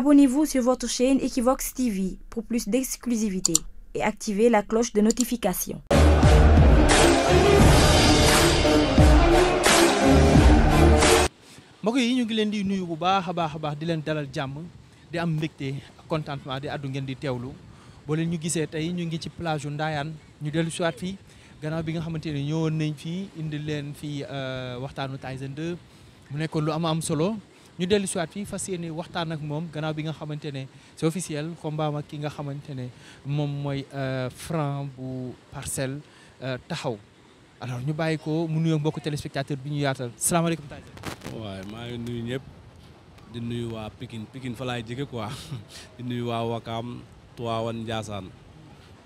Abonnez-vous sur votre chaîne Equivox TV pour plus d'exclusivité et activez la cloche de notification. yi ñu ngi leen di nuyu bu baax a baax a baax di leen dalal jàmm di am mbégte ak contentement di addu ngeen di teewlu boo leen ñu gisee tey ñu ngi ci plage yu Ndaayaan ñu dellu siwaat fii gannaaw bi nga xamante ne ñëwoon nañ fii indi leen fii euh, waxtaanu Tyson 2 mu nekkoon lu am am solo. ñu dellu si fii fas yéene waxtaan ak moom gannaaw bi nga xamante ne c'est officiel combat ak ki nga xamante ne moom mooy euh, Franc bu Parcelles euh, taxaw alors ñu bàyyi ko mu nuyoo mbokku téléspectateur bi ñu yaatal salaamaaleykum. waaw ngi nuyu ñëpp di nuyu waa pikin Pikine fa laay jege quoi di nuyu waa Wakaam Tivaouane Ndiassane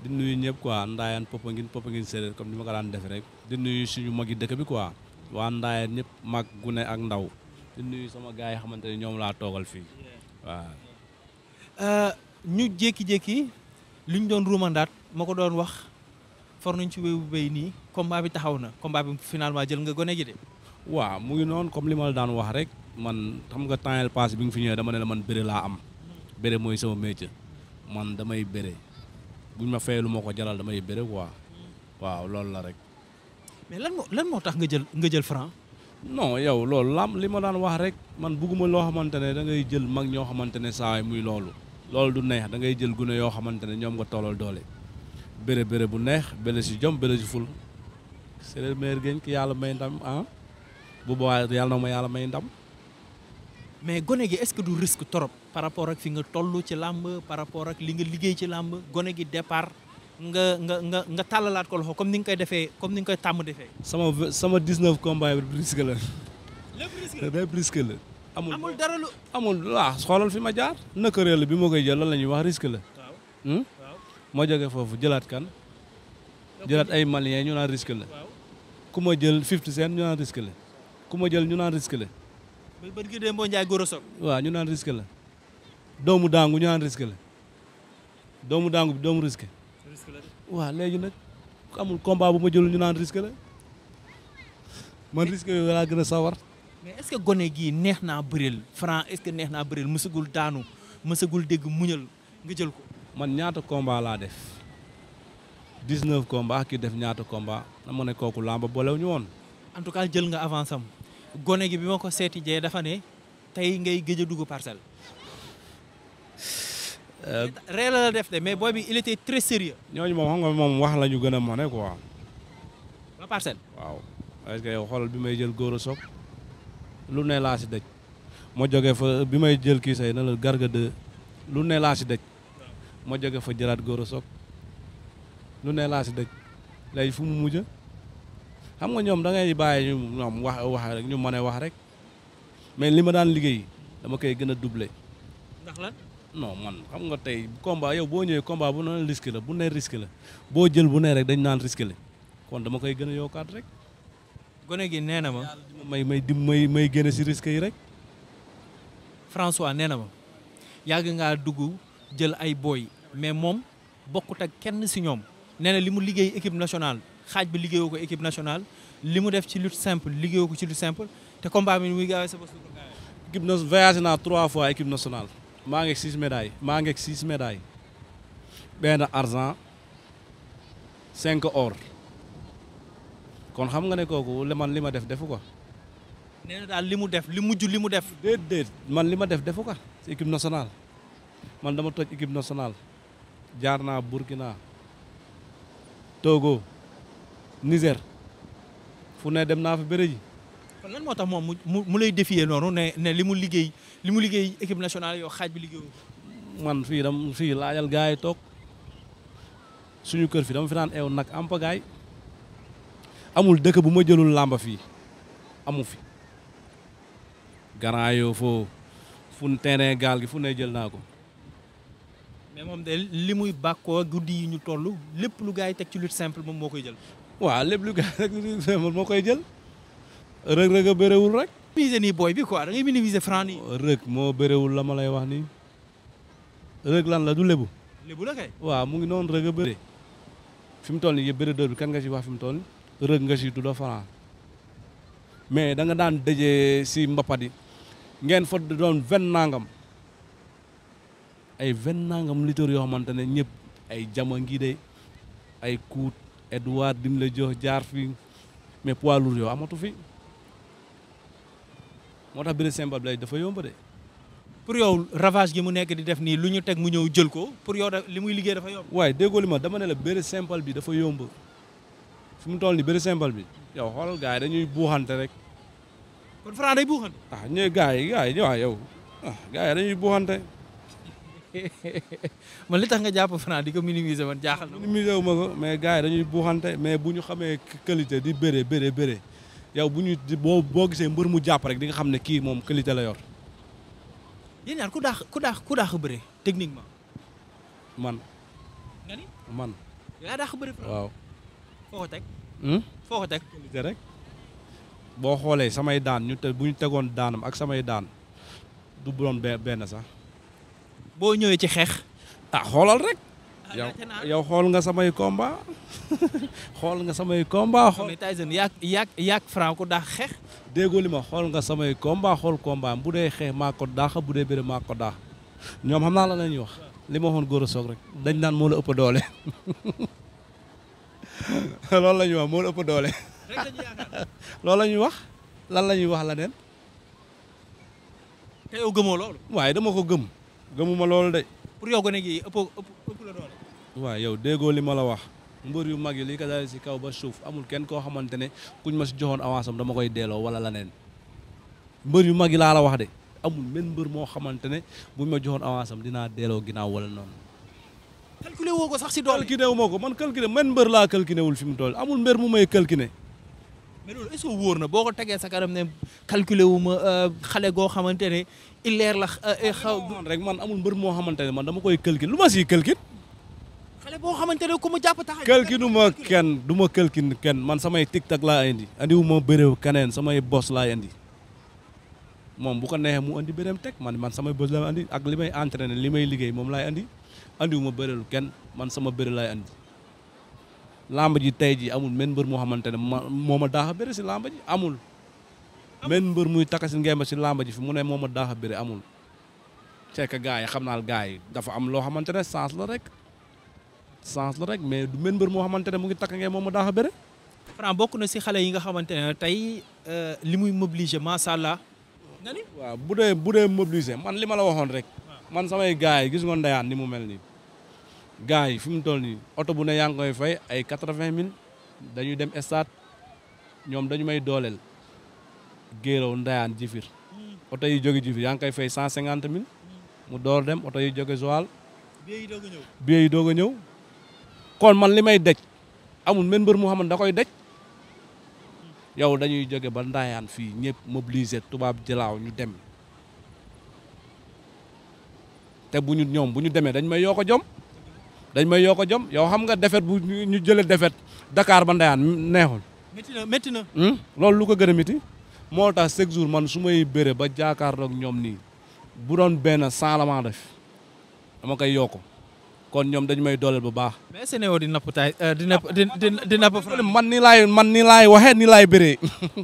di nuyu ñëpp quoi Ndayane Popenguine Popenguine séeréer comme ni ma ko daan defee rek di nuyu suñu mag yi dëkk bi quoi waa Ndayane ñëpp mag gune ak ndaw. di nuyu sama gars yi xamante ne ñoom laa toogal fii waaw. Euh, ñu jékki-jékki li ñu doon ruumandaat ma ko doon wax for nañ ci wéy bu béy nii combat bi taxaw na combat bi finalement jël nga gone gi de. waaw mu ngi noonu comme li ma daan wax rek man xam nga temps yële passé bi nga fi ñëwee dama ne man bëre laa am bëre mooy sama métier man damay bëre buñ ma fayee lu ma ko jalal damay bëre quoi waaw loolu la rek. mais lan moo tax nga jël nga jël franc. non yow loolu lam li ma daan wax rek man bugguma loo xamante ne da ngay jël mag ñoo xamante ne saay muy loolu loolu du neex dangay jël gune yoo xamante ne ñoom nga tollal doole béré béré bu neex béré si jom béré si ful c'est le meilleur gain ki yàlla may ndam ah bu boobaa yàlla na ma yàlla may ndam mais gone gi est-ce que du risque trop par rapport ak fi nga toll ci làmb par rapport ak li nga liggéey ci làmb gone gi départ nga nga nga tàllalaat ko loxo comme ni nga koy defee comme ni nga koy tàmm defee. sama sama 19 combat bi risque la. lépp risque la lépp risque la. amul dara lu amul waaw ah, xoolal fi ma jaar. na réel bi moo koy jël la ñuy wax risque la. waaw hmm? ma foofu jëlaat kan. jëlaat ay maliens ñu naan risque la. ku ma jël 50 cent ñu naan risque la. ku ma jël ñu naan risque la. ba ba kii de Goro Sock. waaw ñu naan risque la. doomu daangu ñu naan risque la. doomu daangu bi doomu risque. risque la de. léegi nag amul combat bu ma jëlul ñu naan risque la man risque yooyu laa gën a sawar. mais est-ce que gone gii neex naa bëreel Franc est-ce que neex naa bëreel mësagul daanu mësagul dégg muñal nga jël ko. man ñaata combat laa def 19 combat ki def ñaata na dama ne kooku làmba boolew woon. en tout cas jël nga avance gone gi bi ma ko seeti jee dafa ne tey ngay gëj dugg parcelle. Euh, ree la la def de mais booy bi il était très sérieux ñooñu moom xam moom wax la ñu gën a mane quoi. la parcelle. waaw est-ce que bi may jël góor a soog lu ne laa si dëj ma jógee fa bi may jël kii say na la garga de lu ne laa si dëj ma jóge fa jëlaat góor a soog lu ne laa si dëj léegi fu mu mujj xam nga ñoom da ngay bàyyi ñu ñoom wax wax rek ñu mën a wax rek mais li ma daan liggéey dama koy gën a doublé. non man xam nga tey combat yow boo ñëwee combat bu ne risque la bu nee risque la boo jël bu ne rek dañ naan risque la kon dama koy gën a yokkaat rek. gone gi nee na ma. may may dim may may génne si risque yi rek. François nee na ma yàgg ngaa dugg jël ay booy mais moom bokkut ak kenn si ñoom nee na li mu liggéey équipe nationale xaaj bi liggéeyoo ko équipe nationale li mu def ci lut simple liggéeyoo ko ci lutte simple te combat bi muy gaawee sa bés. équipe na voyagé naa trois fois équipe nationale. maa ngi six médailles maa ngi siis medaay benn argent cinq or kon xam nga ne kooku man li ma def defu ko. nee daal li mu def li mujj li mu def. déedéet man li ma def defu ko si équipe nationale man dama toj équipe nationale jaar naa Burkina Togo Niger fu ne dem naa fa bëre ji kon lan moo tax moom mu mu lay défier noonu ne li mu liggéey li mu liggéey équipe nationale yow xaaj bi liggéeyu man fii dam fii laajal gars yi toog suñu kër fi dama fi naan eew nag am amul dëkk bu ma jëlul làmba fii amu fi garant yoo foo fun terrain gaal gi fu ne jël naa ko mais moom de li muy bàkkoo guddi yi ñu toll lépp lu gars yi teg ci lutte simple moom moo koy jël waaw lépp lu gars yi teg ci simple moo koy jël rëg rëg a bëréwul rek. minimiser nii booy bi quoi da ngay minimiser ni nii. Oh, rëg moo bëréwul la ma lay wax nii rëg lan la du lebu lébu la kay. waaw mu ngi noonu rëg a bëree. fi mu toll nii yëpp bëre dër bi kan nga ci wax fi mu toll nii rëg nga ci tudda franc mais da nga daan dëjee si mbapat yi ngeen fo doon vingt nangam ay vingt nangam litre yoo xamante ne ñëpp ay jama ngi de ay kuut Edouard dim la jox jaar fi mais poids lourd amatu fi. moo tax bëre simple bi dafa yomb de. pour yow ravage gi mu nekk di def nii lu ñu teg mu ñëw jël ko pour yow li muy liggéey dafa yomb. waaye déggoo li ma dama ne la bëre simple bi dafa yomb fi mu toll nii bëre simple bi yow xoolal gars yi dañuy buuxante rek. kon Franc day buuxante. ah ñooy gars yi gars yi waaw yow ah gars yi li tax nga jàpp Franc di ko minimiser man jaaxal na. minimiser wu ma ko mais gars yi dañuy buuxante mais bu ñu xamee qualité di bëree bëree bëree. yow bu ñu boo boo gisee mbër mu jàpp rek di nga xam ne kii moom qualité la yor. yéen ku daax ku daax ku daax a techniquement. man. man. yaa daax a bëre. waaw. Hmm? rek. boo xoolee samay daan ñu te tegoon daanam ak samay daan du doon benn sax. boo ñëwee ci xeex. ah xoolal rek. Ah, yow yow xool nga samay komba xool nga samay combat. xool mais Tyson yaag yaag yaag Franc ko daax xeex. déggoo li ma xool nga samay komba xool combat bu dee xeex maa ko daax bu dee bëri maa ko daax ñoom xam naa la lañuy wax li ma waxoon góor a soog rek dañ naan moo la ëpp doole loolu la ñuy wax la ëpp ñuy wax lan la ñuy wax la neen te yow gëmoo loolu. waaye dama ko gëm gëmuma loolu de. pour yow gone gi ëpp ëpp la doole. waaw yow déggoo li ma la wax mbër yu mag yi li ko daal si kaw ba suuf amul kenn koo xamante ne kuñ ma si joxoon avance am dama koy delloo wala leneen mbër yu mag yi laa la wax de amul benn mbër moo xamante ne buñ ma joxoon avance dinaa delloo ginnaaw wala noonu. calculé woo ko sax si doole calculé wu ko man calculé man mbër laa calculé wul fi mu toll amul mbër mu may calculé. mais loolu na boo ko tegee sa kanam ne calculé wu ma euh, xale goo xamante ne illeer la euh, ah, xaw rek man amul mbër moo xamante ne man dama koy calcul lu ma si calcul xale boo xamante ne ku mu jàpp ma kenn du ma calcul kenn man samay tiktak la indi andi wu ma béréw keneen samay bos laa indi moom bu ko neexee mu andi béréem teg man man samay bos laa ak li may entraîné li may liggéey moom laay andi andi wu ma bérélu kenn man sama béré laay andi lamb ji tey ji amul men mbër moo xamante ne ma moo ma daax a bëri si lamba ji amul men mbër muy takk si ngemba si lamb ji fi mu ne moom a daax a bëri amul cekk gars yi xam naal gars yi dafa am loo xamante ne chance la rek chance la rek mais du men mbër moo xamante ne mu ngi takk ngee moom ma daax a bëri Franc bokk na si xale yi nga xamante ne tey euh, li muy mobiliser macha allah nga waaw bu dee bu dee mobiliser man li ma la waxoon rek man samay gars yi gis nga ndeyaan ni mu mel nii gars yi fi mu toll nii oto bu ne yaa ngi koy ay quatre-vingt mille dañuy dem stade ñoom dañu may dooleel géeraw ndayaan jifir oto yi joge jifir yaa ngi koy fay cent cinquante mille mu door dem oto yi jóge Joal billet yi doog a ñëw kon man li may dej amul men mbër mu xam ne da koy dej yow dañuy jóge ba ndaayaan fii ñëpp mobiliser tubaab jëlaaw ñu dem te bu ñu ñoom bu ñu demee dañu may yoo ko dañ may yoo ko jom yow xam nga defet bu ñu jëlee defet dakaar ba neexul. na métti na. Hmm? loolu lu ko gën a métti moo tax chaque jour man su may bëre ba jàkkaarloog ñoom nii bu doon benn cent la def dama koy yokk kon ñoom dañu may dooleel bu baax. mais Sénégal di napp taay euh, di napp di man ni laay man ni laay waxee nii laay bëree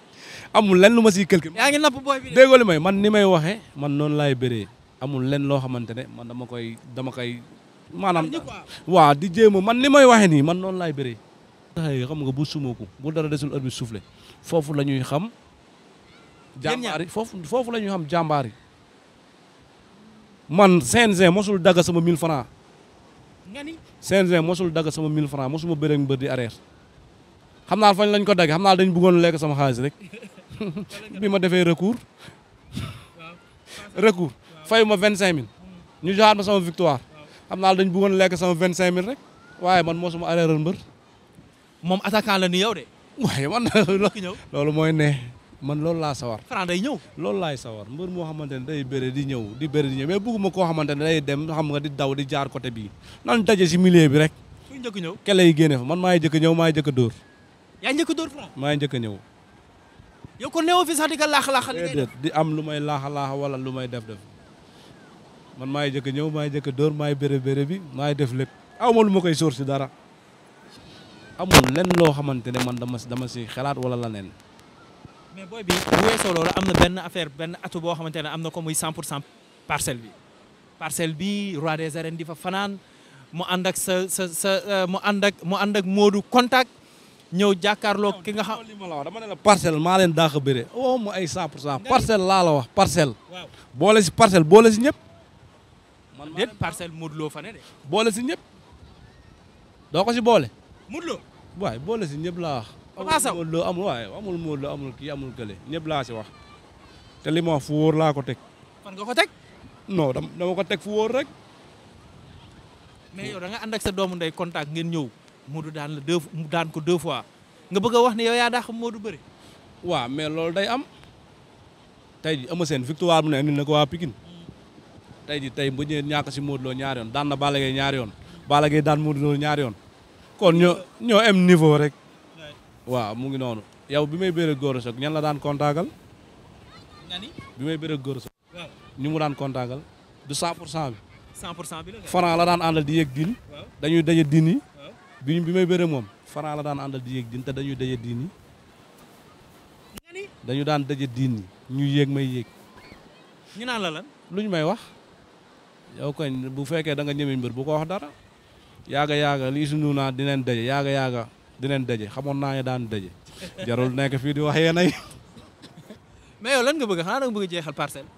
amul lenn lu ma siy quelque. yaa ngi napp booy may man ni may waxee man noonu laay bëree amul lenn loo xamante ne man dama koy dama koy. maanaam waaw di jéem a man ni may waxee nii man noonu laay bëree taxay xam nga bu ko bu dara desul heure bi soufflé foofu la ñuy xam jàmbaari foofu foofu la ñuy xam jàmbaari man CNG mosul dagga sama 1000 francs CNG mosul dagga sama 1000 francs mosuma bëre mbër di arrière xam naa fañ lañ ko dagg xam naa dañu bëggoon lekk sama xaalis rek bi ma defee recours recours fay ma mille ñu joxaat ma sama victoire xam naa dañ bëggoon lekk sama vingt cinq mille rek waaye man moo suma arreeral mbër moom attaquant la ni yow de waaye man loolu mooy ne man loolu laa sawar Franc day ñëw loolu laay sawar mbër moo xamante ne day bëre di ñëw di bëre di ñëw mais bëgguma koo xamante ne day dem xam nga di daw di jaar côté bii nan daje si milieu bi rek kuy ñëw kele yi génne fa man maay jëkk ñëw maay jëkk dóor yaa njëkk a dóor maay njëkk a ñëw yow kon neewoo fi sax di ka laax laax di am lu may laax laax wala lu may def def man maay jëkk ñëw maay jëkk dóor maay béré béré bi maay def lépp aw ma lu ma koy soor si dara amul lenn loo xamante ne man dama dama si xalaat wala la neen mais booy bu weesoo loolu am na benn affaire benn atu boo xamante ne am na ko muy 100 pour cent parcelle bi parcelle bi roi des arènes di fa fanaan mu ànd ak sa sa sa euh, mu ànd ak mu ànd ak Modou contact ñëw jàkkaarloo ki nga xam li ma la wax dama ne la parcelle maa leen daax a bëre waxuma oh, ay 100 pour cent parcelle laa la wax parcelle boole si parcelle ñëpp déet parcelle Modou Lo fa ne si ñëpp. ko si boole. Modou Lo. waaye boole si ñëpp laa wax. Papa Sow amul Modou Lo amul waaye amul Modou ñëpp laa si wax. te li laa ko teg. nga ko teg. non dama ko teg fu rek. mais yow da nga ànd ak sa doomu ndey contact ngeen ñëw. Modou daan la deux mu daan ko deux fois. nga bëgg a wax ne yow yaa dàq Modou mais loolu day am. tey jii am seen victoire mu ne na ko tey ji tey bu ñëwee ñàkk si Modou Lo yoon daan na Balla Gaye yoon Balla Gaye daan Modou Lo ñaari yoon kon ñoo ñoo niveau rek waaw mu ngi noonu yow bi may bëre góor soog ñan la daan kontaagal bi may bëre góor ñu mu daan kontaagal du 100 pour cent bi cent bi la la daan àndal di yéeg din dañuy daje din yi bi bi may bëre moom Franc la daan àndal di yëg din te dañuy daje din yi dañu daan daje din yi ñu yéeg may yéeg ñu naan la lan luñ may wax yow kañ bu fekkee danga nga ñeme mbir bu ko wax dara yaaga yaaga lii suñu naa dinañ daje yaaga yaaga dinañ daje xamoon naa ne daan daje jarul nekk fii di wax yéen mais yow lan nga bëgg xanaa da nga jeexal parcelle.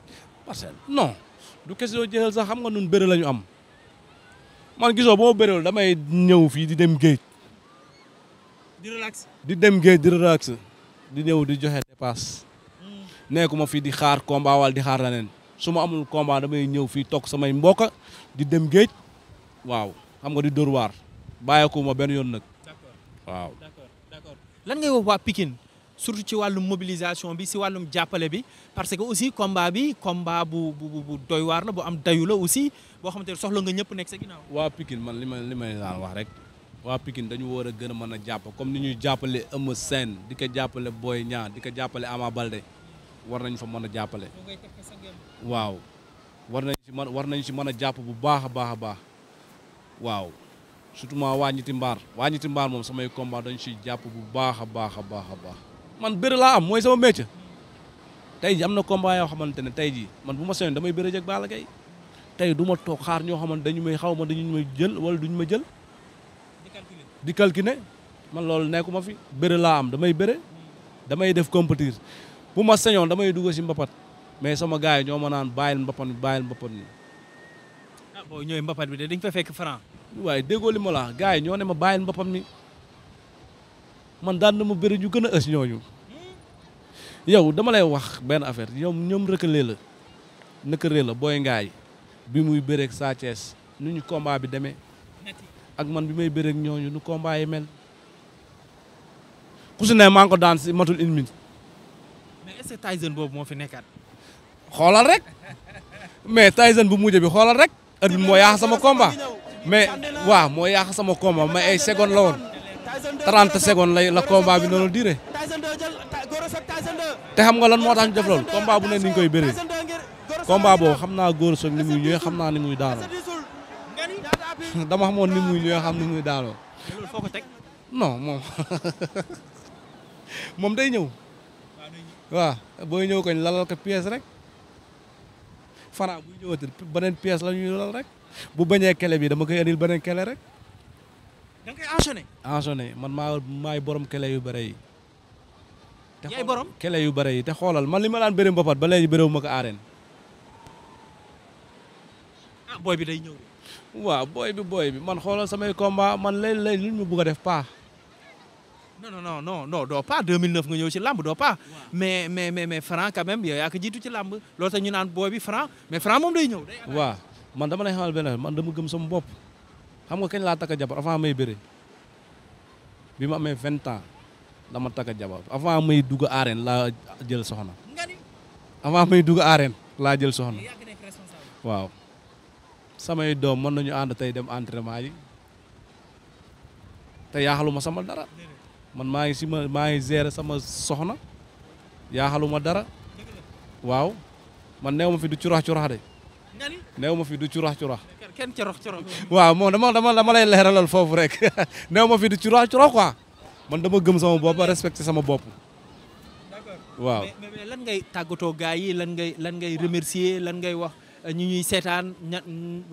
parcelle non du question jeexal sax xam nga nun bëre la ñu am man gisoo boo bëreewul damay ñëw fii di dem géej. di relax di dem géej di relax di ñëw di joxe dépasse. Hmm. nekkuma fii di xaar kombawal di xaar leneen su ma amul combat damay ñëw fii toog samay mbokk di dem géej waaw xam nga di dóor waar bàyyeeku ma benn yoon nag waaw. d'accord d'accord lan ngay wax waa Pikine surtout ci wàllum mobilisation bi si wàllum jàppale bi parce que aussi combat bi combat bu bu bu doy waar la bu am dayu la aussi boo xam ne soxla nga ñëpp nekk sa ginnaaw. waa Pikine man li ma ma daan wax rek. waa Pikine dañu war a gën a mën a jàpp comme ni ñuy jàppale Eumeu seen di ko jàppale booy ñaar di ko jàppale Ama balde war nañ fa mën a jàppale waaw war nañ ci mën war nañ ci mën a jàpp bu baax a baax a baax waaw surtout ma waa ñiti mbaar waa ñiti mbaar moom samay combat dañ ciy jàpp bu baax a baax a baax a baax man bëri laa am mooy sama métier tey ji am na combat yoo xamante ne tey ji man bu ma seen damay bëri ak Balla Gaye tey du ma toog xaar ñoo xamante dañu may xaw ma dañu may jël wala duñu ma jël di calculer ne man loolu nekkuma fi bëri laa am damay bëre damay def compétir bu ma sañoon damay dugg si mbapat mais sama gars yi ñoo ma naan bàyyil mbapat bi bàyyil mbapat bi. ah boo ñëwee bi de dañ fa fekk franc. waaye déggoo li ma la yi ñoo ma bàyyil mbapat mi man daan na ma bëri ñu gën a ës ñooñu. yow dama lay wax benn affaire ñoom ñoom rëkkalee la nëkkalee la booy ngaay bi muy bëreeg Sa Thiès nu ñu combat bi demee ak man bi may bëreeg ñooñu nu combat yi mel ku si ne maa daan si matul une mais est-ce que boobu moo fi nekkaat. xoolal rek mais Tyson bu mujj bi xoolal rek. arbitre moo yaax sama combat mais waaw moo yaax sama combat mais ay secondes la woon 30 secondes lay la combat bi noonu duré te xam nga lan moo tax ñu def loolu combat bu ne ni ñu koy bëree combat boobu xam naa góor soog xam naa ni muy daanoo dama xamoon ni muy ñëwee xam ni muy daanoo. non moom moom day ñëw. waaw booy ñëw koñ lalal ko pièce rek Franc buy ñëwati beneen pièce la ñuy lal rek bu bañee kele bi dama koy andil beneen kele rek. da nga koy enchaîné. enchaîné man maa maay borom kele yu bare yi. yaay borom kele yu bare yi te xoolal man li malaan daan bëri mbapat ba léegi bëriwu ma ko aareen. ah booy bi day ñëw. waaw booy bi booy bi man xoolal samay combat man léeg-léeg lu ñu bëgg a def paa. non non non non doo pas 2009 nga ñëw ci làmb doo pas. mais mais mais mais Franc quand même yow yaa ko ci làmb loo tax ñu naan booy bi Franc mais Franc moom day ñëw. waaw man dama lay xamal benn man dama gëm sama bopp xam nga kañ laa takk jabar avant may bëre bi ma amee 20 ans dama takk jabar avant may dugg arène laa jël soxna. avant may dugg arène laa jël soxna. waaw samay doom mën nañu ànd tey dem entraînement yi te yaaxaluma sama dara. man maa ngi si ma maa ngi gérer sama soxna yaaxaluma dara waaw man neew ma fi du curax curax de neew ma fi du curax curax kenn corox corox waaw moom dama dama dama lay leeralal foofu rek neew ma fi du curax curax quoi man dama gëm sama bopp respecté sama bopp waaw lan ngay tàggatoo gars yi lan ngay lan ngay remercier lan ngay wax euh, ñu ñuy seetaan ña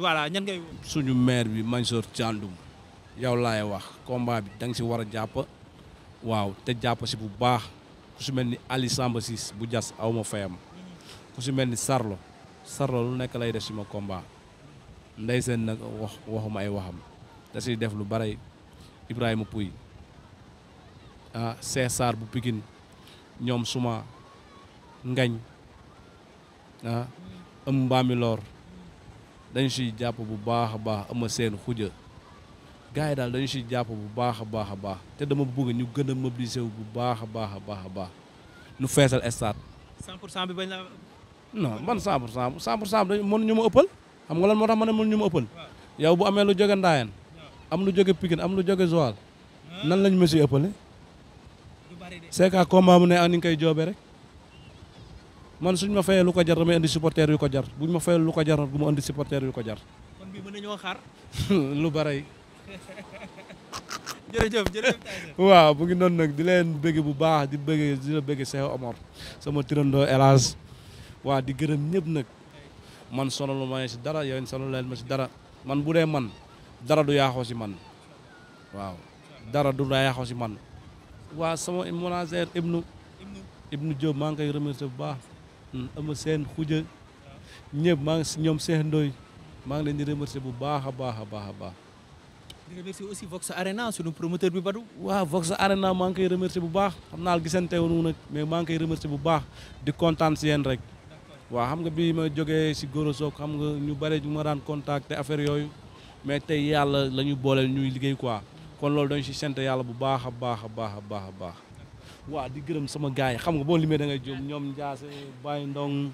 voilà ñan ngay suñu maire bi Mansour Thiandoum yow laay wax combat bi da nga si war a jàpp waaw te jàpp si bu baax ku si mel ni Ali Samba Ciss bu jas awma fayam ku si mel ni Sarlo Sarlo lu nekk lay def si ma combat ndey seen nag waxuma ay waxam da siy def lu bare Ibrahima Pouy ah Cheikh Sarr bu pikin ñoom suma ngañ am ah, ëm mbaami loor dañ siy jàpp bu baax a baax ama seen xuja gars yi daal dañu si jàpp bu baax a baax baax te dama bëgg ñu gën a mobiliser wu bu baax baax a baax a baax ñu feesal stade. 100 pour cent bi bañ la. man 100 pour cent 100 pour cent dañu ñu ma ëppal xam nga lan moo tax ma ne mën ñu ma ëppal. yow bu amee lu jóge Ndayane am lu jóge Pikine am lu jóge Joal nan lañ ma si ëppale. c'est que mu ne ak ni nga koy joobee rek man suñ ma fayee lu ko jar damay indi supporter yu ko jar buñ ma fayee lu ko jar bu ma indi supporter yu ko jar. kon bi lu bare. jërëjëf jërëjëf waaw mu ngi noonu nag di leen bëgg bu baax di bëgg di la bëgg Cheikh Omar sama tirandoo Elage waa di gërëm ñépp nag man sonalu ma si dara yéen sonalu leen ma si dara man bu dee man dara du yaaxoo si man waaw dara du la si man waa sama manager Ibnu Ibnu Diop maa ngi koy remercier bu baax ama seen xuja ñëpp maa ngi si ñoom Cheikh Ndoye maa ngi leen di remercier bu baax a baax a baax a baax di remercier aussi Vox Arena sunu promoteur bi Badou. waaw Vox Arena maa ngi koy remercier bu baax xam naa gisante woonu nag mais maa ngi koy remercier bu baax di kontaan si yéen rek. waa xam nga bi ma jógee si Goro Sock xam nga ñu bare ñu ma daan contacter affaire yooyu mais tey yàlla la ñu booleel ñuy liggéey quoi kon loolu dañ si sant yàlla bu baax a baax a baax a baax a baax. waaw di gërëm sama gars yi xam nga boo limee dangay ngay ñoom Ndiasse Baye Ndong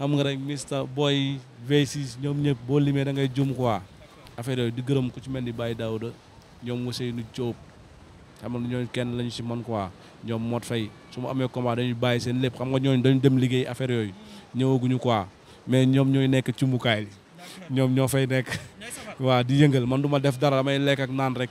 xam nga rek Mr Boy V6 ñoom ñëpp boo limee da ngay jëm quoi. affaire yooyu di gërëm ku ci mel ni Baye Daouda ñoom Ousseynou Diop xam nu ñooñu kenn lañu si man quoi ñoom Mot Fay su mu amee combat dañu bàyyi seen lépp xam nga ñooñu dañu dem liggéey affaire yooyu ñëwaguñu quoi mais ñoom ñooy nekk ci mbukaay li ñoom ñoo fay nekk. waa di yëngal man du ma def dara damay lekk ak naan rek.